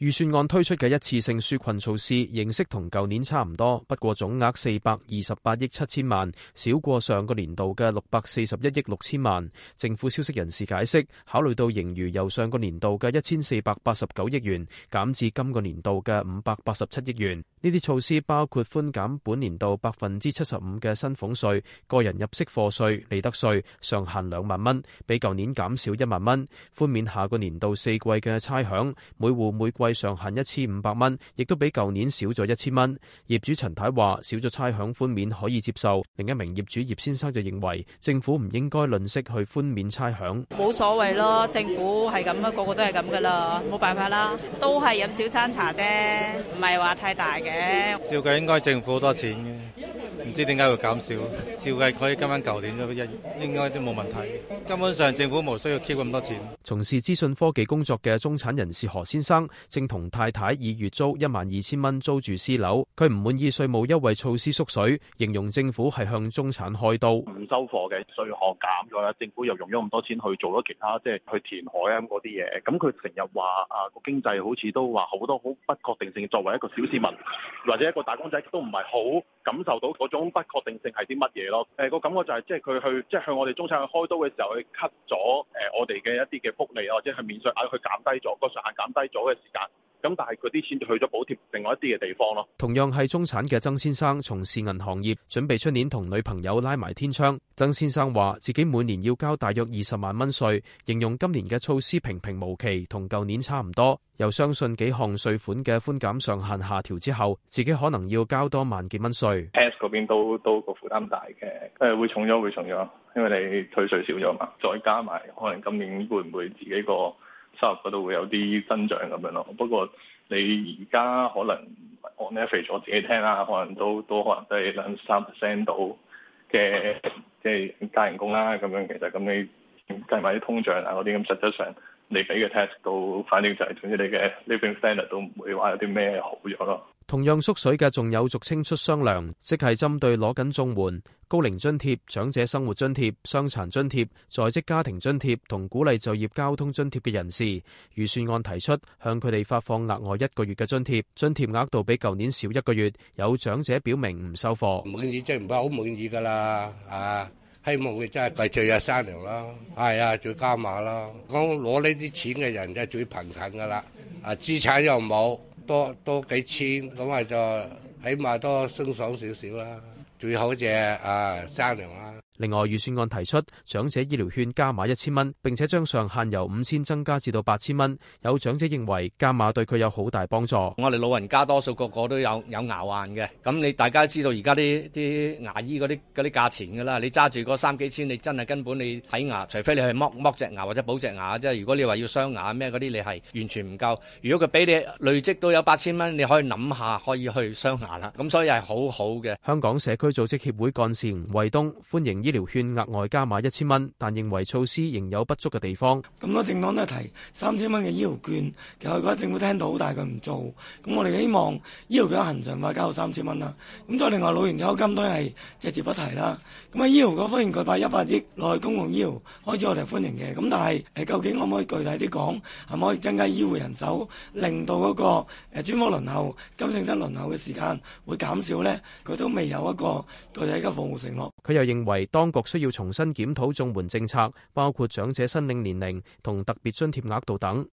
預算案推出嘅一次性紓困措施形式同舊年差唔多，不過總額四百二十八億七千萬，少過上個年度嘅六百四十一億六千萬。政府消息人士解釋，考慮到盈餘由上個年度嘅一千四百八十九億元減至今個年度嘅五百八十七億元，呢啲措施包括寬減本年度百分之七十五嘅薪俸稅、個人入息課稅、利得稅上限兩萬蚊，比舊年減少一萬蚊，寬免下個年度四季嘅差餉，每戶每季上限一千五百蚊，亦都比舊年少咗一千蚊。業主陳太話少咗差餉寬免可以接受。另一名業主葉先生就認為政府唔應該吝嗇去寬免差餉，冇所謂咯。政府係咁啊，個個都係咁噶啦，冇辦法啦，都係飲小餐茶啫，唔係話太大嘅。照計應該政府好多錢嘅。唔知點解會減少，照計佢今晚舊年一應該都冇問題。根本上政府無需要 keep 咁多錢。從事資訊科技工作嘅中產人士何先生，正同太太以月租一萬二千蚊租住私樓。佢唔滿意稅務優惠措施縮水，形容政府係向中產開刀。唔收貨嘅稅項減咗啦，政府又用咗咁多錢去做咗其他，即係去填海啊嗰啲嘢。咁佢成日話啊，個經濟好似都話好多好不確定性。作為一個小市民或者一個打工仔，都唔係好感受到嗰種。不確定性係啲乜嘢咯？誒、呃，個感覺就係、是、即係佢去即係向我哋中產去開刀嘅時候，去 cut 咗誒我哋嘅一啲嘅福利，啊，或者係免稅啊，去減低咗個上限，減低咗嘅時間。咁但係嗰啲錢就去咗補貼另外一啲嘅地方咯。同樣係中產嘅曾先生從事銀行業，準備出年同女朋友拉埋天窗。曾先生話：自己每年要交大約二十萬蚊稅，形容今年嘅措施平平無奇，同舊年差唔多。又相信幾項稅款嘅寬減上限下調之後，自己可能要交多萬幾蚊稅。Tax 嗰邊都都個負擔大嘅，誒會重咗會重咗，因為你退稅少咗嘛，再加埋可能今年會唔會自己個？收入嗰度會有啲增長咁樣咯，不過你而家可能我呢肥咗自己聽啦，可能都都可能都係兩三 percent 到嘅，即係加人工啦咁樣，其實咁你計埋啲通脹啊嗰啲咁，實際上。你俾嘅 test 都，反正就係，總之你嘅 living standard 都唔會話有啲咩好咗咯。同樣縮水嘅仲有俗稱出三糧，即係針對攞緊綜援、高齡津貼、長者生活津貼、傷殘津貼、在職家庭津貼同鼓勵就業交通津貼嘅人士，預算案提出向佢哋發放額外一個月嘅津貼，津貼額度比舊年少一個月。有長者表明唔收貨，唔滿意即係唔係好滿意㗎啦，啊！希望佢真係繼續有三糧啦，係、哎、啊，再加碼啦。咁攞呢啲錢嘅人即係最貧困噶啦，啊，資產又冇，多多幾千，咁咪就起碼多鬆爽少少啦。最好只啊，三糧啦！另外，預算案提出長者醫療券加碼一千蚊，並且將上限由五千增加至到八千蚊。有長者認為加碼對佢有好大幫助。我哋老人家多數個個都有有牙患嘅，咁你大家知道而家啲啲牙醫嗰啲嗰啲價錢噶啦，你揸住嗰三幾千，你真係根本你睇牙，除非你去剝剝隻牙或者補隻牙，即係如果你話要鑲牙咩嗰啲，你係完全唔夠，如果佢俾你累積都有八千蚊，你可以諗下可以去鑲牙啦。咁所以係好好嘅香港社區組織協會幹事吳衛東歡迎醫療券額外加碼一千蚊，但認為措施仍有不足嘅地方。咁多政黨都提三千蚊嘅醫療券，其實我覺得政府聽到好大，佢唔做。咁我哋希望醫療券恆常化加到三千蚊啦。咁再另外老年休金都係只字不提啦。咁啊醫療嗰方面佢派一百億內公共醫療，開始我哋歡迎嘅。咁但係誒究竟可唔可以具體啲講？係咪可以增加醫護人手，令到嗰個誒專科輪候、金性真輪候嘅時間會減少呢？佢都未有一個。佢又認為當局需要重新檢討綜援政策，包括長者申領年齡同特別津貼額度等。